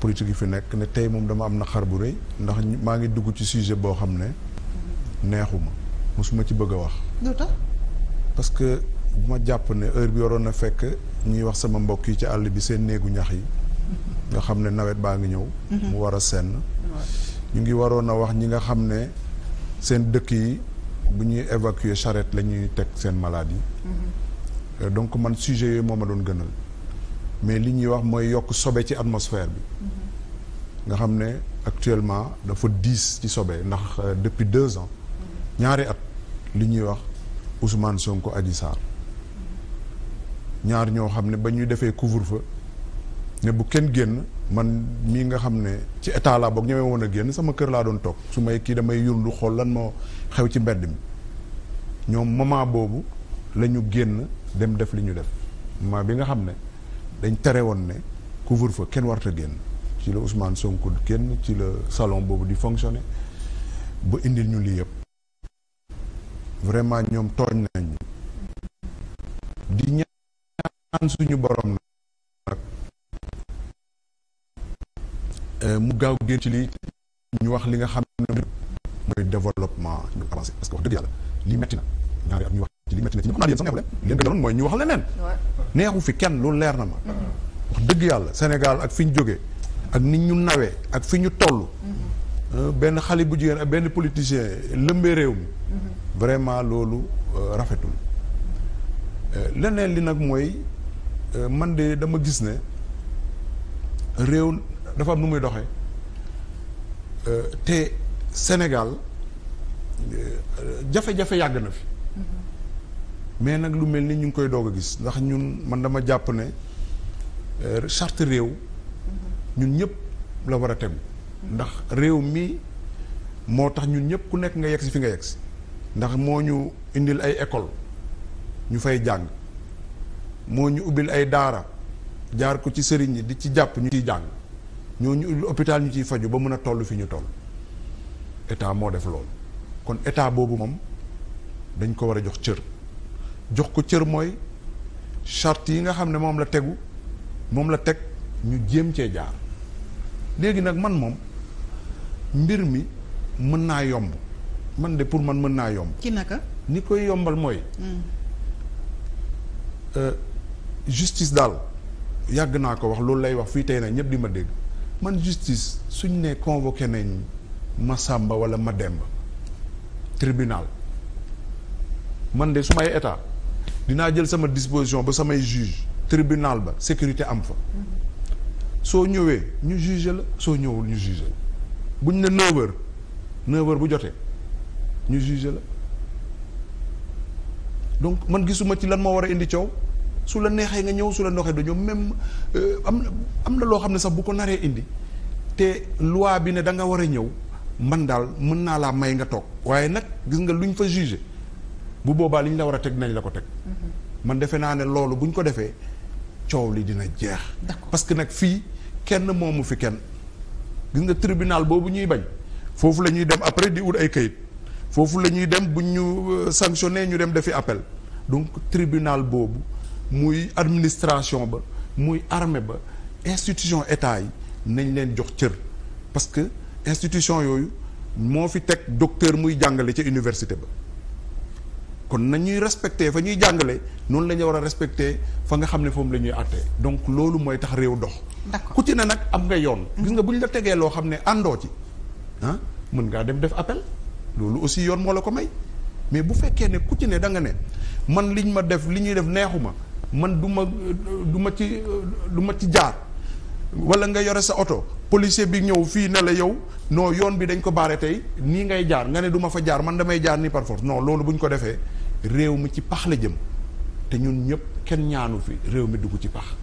politique yi fi nekk ne tey moom dama am na xar bu rëy ndax maa ngi dugg ci sujet boo xam ne neexuma mosuma ci bëgg a wax. lu parce que bu ma jàpp ne heure bi waroon na fekk ñuy wax sama mbokk yi ci àll bi seen néegu ñax yi. nga xam ne nawet baa ngi ñëw. Mhm. mu war a senn. ñu ngi waroon a wax ñi nga xam ne seen dëkk yi bu ñuy évacuer charrette la ñuy teg seen maladie. Mhm. Euh, donc man sujet yooyu moom ma doon gënal. mais li ñuy wax mooy yokk sobe ci atmosphère bi nga xam ne actuellement dafa diis ci sobe ndax euh, depuis deux ans ñaari at li ñuy wax Ousmane Sonko Adji Sarr ñaar ñoo xam ne ba ñuy defee couvre-feu ne bu kenn génn man mii nga xam ne ci état laa boog ñemee woon génn sama kër laa doon toog su may kii damay yurndu xool lan moo xew ci mbedd mi ñoom moment boobu la ñu génn dem def li ñu def moment bi nga xam ne dañ tere woon ne couvre-feu kenn warta génn ci la Ousmane Sonko kenn ci la salon boobu di fonctionner ba indi ñu lii yëpp vraiment ñoom tooñ nañ di ñaan suñu borom nag eh, mu gaaw génn ci lii ñu wax li nga xam ne mooy développement ñu avancé parce que wax dëgg yàlla li metti na ñaari am ñu wax ci lii metti na ci ñëpp xam naa yéen sax neexu leen leen mooy ñu wax leneen neexu fi kenn lu leer na ma. wax dëgg yàlla Sénégal ak fi ñu jógee ak nit ñu nawee ak fi ñu toll. benn xale bu jigéen benn politicien lëmbee réew mi. vraiment loolu euh, rafetul. Euh, leneen li nag mooy euh, man de dama gis ne réew dafa am nu muy doxe te Sénégal jafe-jafe yàgg na fi. mais nag lu mel ni ñu ngi koy doog a gis ndax ñun man dama jàpp ne euh, charte réew ñun ñëpp la war a tegu ndax réew mi moo tax ñun ñëpp ku nekk nga yegg si fi nga yegg si ndax moo ñu indil ay école ñu fay jàng moo ñu ubbil ay daara jaar ko ci sëriñ yi di ci jàpp ñu ciy jàng ñoo ñu ubbil hôpital ñu ciy faju ba mën a toll fi ñu toll état moo def loolu kon état boobu moom dañ ko war a jox cër jox ko cër mooy charte yi nga xam ne moom la tegu moom la teg ñu jéem cee jaar léegi nag man moom mbir mi mën naa yomb man de pour man mën naa yomb. ci naka. ni koy yombal mooy. Mm. Euh, justice daal yàgg naa ko wax loolu lay wax fii tey nag ñëpp di ma dégg man justice suñ ne convoqué nañ ma Samba wala ma demb tribunal man de su may état. dinaa jël sama disposition ba samay juge tribunal ba sécurité am fa soo ñëwee ñu juge la soo ñëwul ñu juge la buñ ne neuf heures bu jotee ñu juge la donc man gisuma ci lan moo war a indi coow su la neexee nga ñëw su la ndoxee dañoo même euh, am am na loo xam ne sax bu ko naree indi te loi bi ne da nga war a ñëw man daal mën naa laa may nga toog waaye nag gis nga luñ fa juge bu boobaa li ñu la war a teg nañ la ko teg. Mhm. man defe naa ne loolu bu ñu ko defee coow li dina jeex. parce que nag fii kenn moomu fi kenn. gis nga tribunal boobu ñuy bañ foofu la ñuy dem après di ut ay kayit foofu la ñuy dem bu ñu euh, sanctionné ñu dem defi appel donc tribunal boobu muy administration ba muy armée ba institution état yi nañ leen jox cër parce que institution yooyu moo fi teg docteur muy jàngale ca université ba. kon nañuy respecté fa ñuy jàngale noonu la ñu war a respecté fa nga xam ne foofu la ñuy àttee donc loolu mooy tax réew dox. d'accord ku ci ne nag am nga yoon. gis nga bu ñu la tegee loo xam ne àndoo ci ah mën ngaa dem def appel loolu aussi yoon moo la ko may mais bu fekkee ne ku ci ne da ne man liñ ma def li ñuy def neexuma man du ma du ma ci du ma ci jaar wala nga yore sa oto policier bi ñëw fii ne la yow non yoon bi dañ ko baare tey nii ngay jaar nga ne duma fa jaar man damay jaar nii par force loolu bu ñu ko defee. réew mi ci pax la jëm te ñun ñëpp kenn ñaanu fi réew mi dugg ci pax